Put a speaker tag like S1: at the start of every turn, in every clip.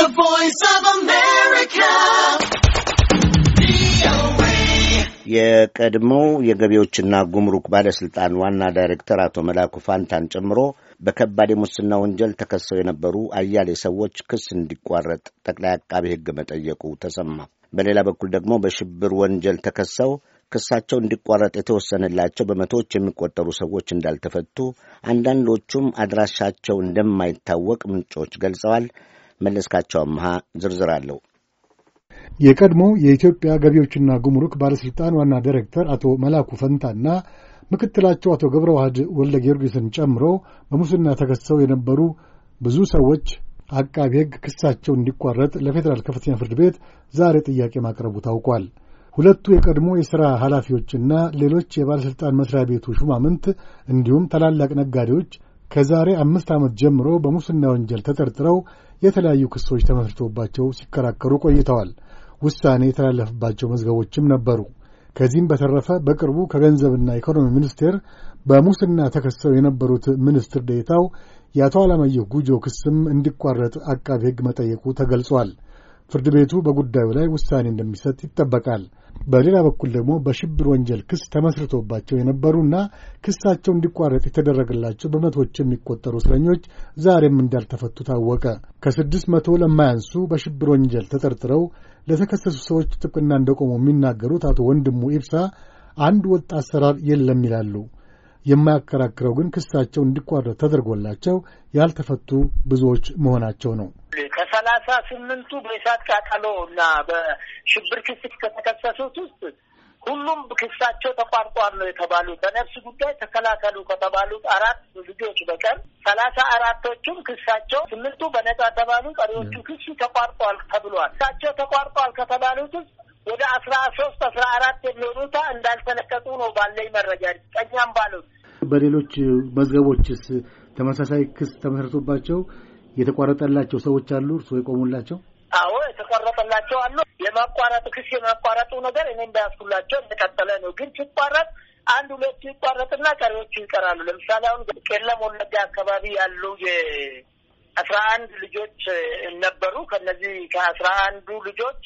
S1: The Voice of America. የቀድሞው የገቢዎችና ጉምሩክ ባለስልጣን ዋና ዳይሬክተር አቶ መላኩ ፋንታን ጨምሮ በከባድ የሙስና ወንጀል ተከሰው የነበሩ አያሌ ሰዎች ክስ እንዲቋረጥ ጠቅላይ አቃቤ ሕግ መጠየቁ ተሰማ። በሌላ በኩል ደግሞ በሽብር ወንጀል ተከሰው ክሳቸው እንዲቋረጥ የተወሰነላቸው በመቶዎች የሚቆጠሩ ሰዎች እንዳልተፈቱ፣ አንዳንዶቹም አድራሻቸው እንደማይታወቅ ምንጮች ገልጸዋል። መለስካቸው አምሃ ዝርዝር አለው።
S2: የቀድሞ የኢትዮጵያ ገቢዎችና ጉምሩክ ባለሥልጣን ዋና ዳይሬክተር አቶ መላኩ ፈንታና ምክትላቸው አቶ ገብረ ዋህድ ወልደ ጊዮርጊስን ጨምሮ በሙስና ተከሰው የነበሩ ብዙ ሰዎች አቃቢ ሕግ ክሳቸው እንዲቋረጥ ለፌዴራል ከፍተኛ ፍርድ ቤት ዛሬ ጥያቄ ማቅረቡ ታውቋል። ሁለቱ የቀድሞ የሥራ ኃላፊዎችና ሌሎች የባለሥልጣን መሥሪያ ቤቱ ሹማምንት እንዲሁም ታላላቅ ነጋዴዎች ከዛሬ አምስት ዓመት ጀምሮ በሙስና ወንጀል ተጠርጥረው የተለያዩ ክሶች ተመስርቶባቸው ሲከራከሩ ቆይተዋል። ውሳኔ የተላለፈባቸው መዝገቦችም ነበሩ። ከዚህም በተረፈ በቅርቡ ከገንዘብና ኢኮኖሚ ሚኒስቴር በሙስና ተከሰው የነበሩት ሚኒስትር ዴታው የአቶ አላማየሁ ጉጆ ክስም እንዲቋረጥ አቃቤ ሕግ መጠየቁ ተገልጿል። ፍርድ ቤቱ በጉዳዩ ላይ ውሳኔ እንደሚሰጥ ይጠበቃል። በሌላ በኩል ደግሞ በሽብር ወንጀል ክስ ተመስርቶባቸው የነበሩና ክሳቸው እንዲቋረጥ የተደረገላቸው በመቶዎች የሚቆጠሩ እስረኞች ዛሬም እንዳልተፈቱ ታወቀ። ከስድስት መቶ ለማያንሱ በሽብር ወንጀል ተጠርጥረው ለተከሰሱ ሰዎች ጥብቅና እንደቆሙ የሚናገሩት አቶ ወንድሙ ኢብሳ አንድ ወጥ አሰራር የለም ይላሉ። የማያከራክረው ግን ክሳቸው እንዲቋረጥ ተደርጎላቸው ያልተፈቱ ብዙዎች መሆናቸው ነው።
S1: ከሰላሳ ስምንቱ በእሳት ቃጠሎ እና በሽብር ክስ ከተከሰሱት ውስጥ ሁሉም ክሳቸው ተቋርጧል ነው የተባሉት። በነፍስ ጉዳይ ተከላከሉ ከተባሉት አራት ልጆች በቀር ሰላሳ አራቶቹም ክሳቸው ስምንቱ በነጻ ተባሉ። ቀሪዎቹ ክሱ ተቋርጧል ተብሏል። ክሳቸው ተቋርጧል ከተባሉት ውስጥ ወደ አስራ ሶስት
S2: አስራ አራት የሚሆኑታ እንዳልተለቀጡ ነው ባለኝ መረጃ ቀኛም ባሉት በሌሎች መዝገቦችስ ተመሳሳይ ክስ ተመሰርቶባቸው የተቋረጠላቸው ሰዎች አሉ። እርስዎ የቆሙላቸው?
S1: አዎ የተቋረጠላቸው አሉ። የማቋረጡ ክስ የማቋረጡ ነገር እኔ እንዳያስኩላቸው እንደቀጠለ ነው። ግን ሲቋረጥ አንድ ሁለቱ ይቋረጥና ቀሪዎቹ ይቀራሉ። ለምሳሌ አሁን ቄለም ወለጋ አካባቢ ያሉ የአስራ አንድ ልጆች ነበሩ። ከነዚህ ከአስራ አንዱ ልጆች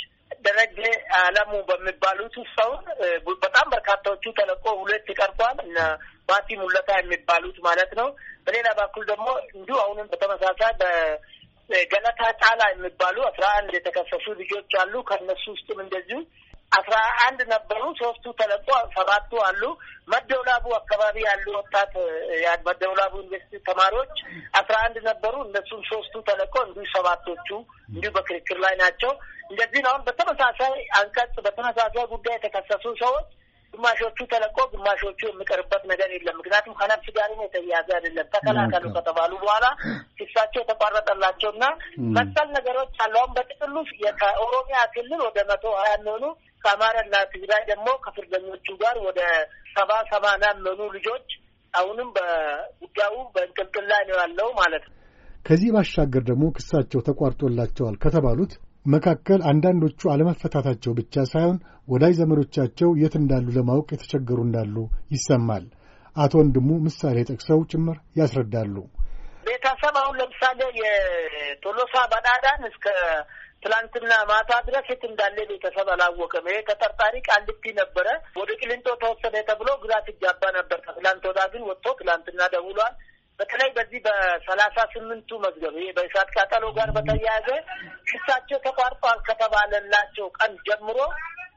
S1: ደረጀ አለሙ በሚባሉት ሰውን በጣም በርካታዎቹ ተለቆ ሁለት ይቀርቷል። ባቲ ሙለታ የሚባሉት ማለት ነው። በሌላ በኩል ደግሞ እንዲሁ አሁንም በተመሳሳይ በገለታ ጣላ የሚባሉ አስራ አንድ የተከሰሱ ልጆች አሉ። ከነሱ ውስጥም እንደዚሁ አስራ አንድ ነበሩ። ሶስቱ ተለቆ ሰባቱ አሉ። መደውላቡ አካባቢ ያሉ ወጣት መደውላቡ ዩኒቨርሲቲ ተማሪዎች አስራ አንድ ነበሩ። እነሱም ሶስቱ ተለቆ እንዲሁ ሰባቶቹ እንዲሁ በክርክር ላይ ናቸው። እንደዚህ አሁን በተመሳሳይ አንቀጽ በተመሳሳይ ጉዳይ የተከሰሱ ሰዎች ግማሾቹ ተለቆ ግማሾቹ የሚቀርበት ነገር የለም። ምክንያቱም ከነፍስ ጋር የተያዘ አይደለም። ተከላከሉ ከተባሉ በኋላ ክሳቸው የተቋረጠላቸው እና መሰል ነገሮች አሉ። አሁን በጥቅሉ ከኦሮሚያ ክልል ወደ መቶ ሀያ የሚሆኑ ከአማራና ትግራይ ደግሞ ከፍርደኞቹ ጋር ወደ ሰባ ሰማንያ የሚሆኑ ልጆች አሁንም በጉዳዩ በእንቅልቅል ላይ ነው ያለው ማለት ነው።
S2: ከዚህ ባሻገር ደግሞ ክሳቸው ተቋርጦላቸዋል ከተባሉት መካከል አንዳንዶቹ አለመፈታታቸው ብቻ ሳይሆን ወዳጅ ዘመዶቻቸው የት እንዳሉ ለማወቅ የተቸገሩ እንዳሉ ይሰማል። አቶ ወንድሙ ምሳሌ ጠቅሰው ጭምር ያስረዳሉ። ቤተሰብ አሁን ለምሳሌ
S1: የቶሎሳ በዳዳን እስከ ትላንትና ማታ ድረስ የት እንዳለ ቤተሰብ አላወቀም። ይሄ ተጠርጣሪ ቃሊቲ ነበረ፣ ወደ ቂሊንጦ ተወሰደ ተብሎ ግራ ሲጋባ ነበር። ከትላንት ወዳ ግን ወጥቶ ትላንትና ደውሏል። በተለይ በዚህ በሰላሳ ስምንቱ መዝገብ ይሄ በእሳት ቃጠሎ ጋር በተያያዘ ስራቸው ተቋርጧል ከተባለላቸው ቀን ጀምሮ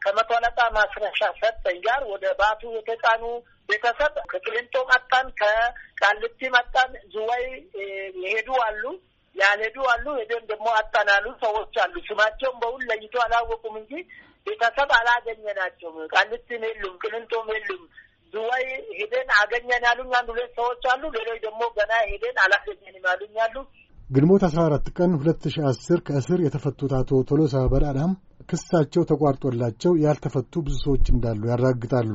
S1: ከመቶ አለቃ ማስረሻ ሰጠኝ ጋር ወደ ባቱ የተጫኑ ቤተሰብ ከቅሊንጦ መጣን፣ ከቃልቲ መጣን፣ ዝዋይ የሄዱ አሉ፣ ያልሄዱ አሉ፣ ሄደን ደግሞ አጣን አሉ ሰዎች አሉ። ስማቸውን በሁሉ ለይቶ አላወቁም እንጂ ቤተሰብ አላገኘናቸውም። ቃልቲም የሉም፣ ቅሊንጦም የሉም። ዝዋይ ሄደን አገኘን ያሉኝ አንድ ሁለት ሰዎች አሉ። ሌሎች ደግሞ ገና ሄደን አላገኘንም ያሉኝ አሉ።
S2: ግንቦት 14 ቀን 2010 ከእስር የተፈቱት አቶ ቶሎሳ በራዳም ክሳቸው ተቋርጦላቸው ያልተፈቱ ብዙ ሰዎች እንዳሉ ያረጋግጣሉ።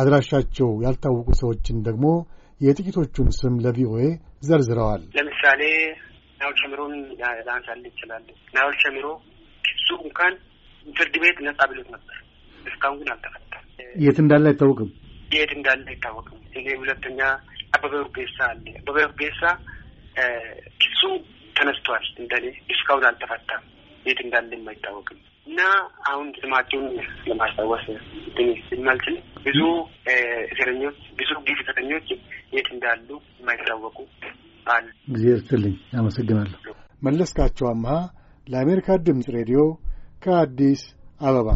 S2: አድራሻቸው ያልታወቁ ሰዎችን ደግሞ የጥቂቶቹን ስም ለቪኦኤ ዘርዝረዋል።
S1: ለምሳሌ ናውል ሸሚሮን ላንሳል ይችላለን። ናውል ሸሚሮ እሱ እንኳን ፍርድ ቤት ነጻ ብሎት ነበር። እስካሁን ግን አልተፈታም።
S2: የት እንዳለ አይታወቅም።
S1: የት እንዳለ አይታወቅም። ይሄ ሁለተኛ አበበ ርጌሳ አለ። አበበ ርጌሳ ተነስቷል። እንደኔ እስካሁን አልተፈታም። የት እንዳለም አይታወቅም። እና አሁን ስማቸውን ለማስታወስ ስናልችል ብዙ እስረኞች ብዙ ጊዜ እስረኞች
S2: የት እንዳሉ የማይታወቁ አሉ። ጊዜ ርትልኝ አመሰግናለሁ። መለስካቸው አምሃ ለአሜሪካ ድምፅ ሬዲዮ ከአዲስ አበባ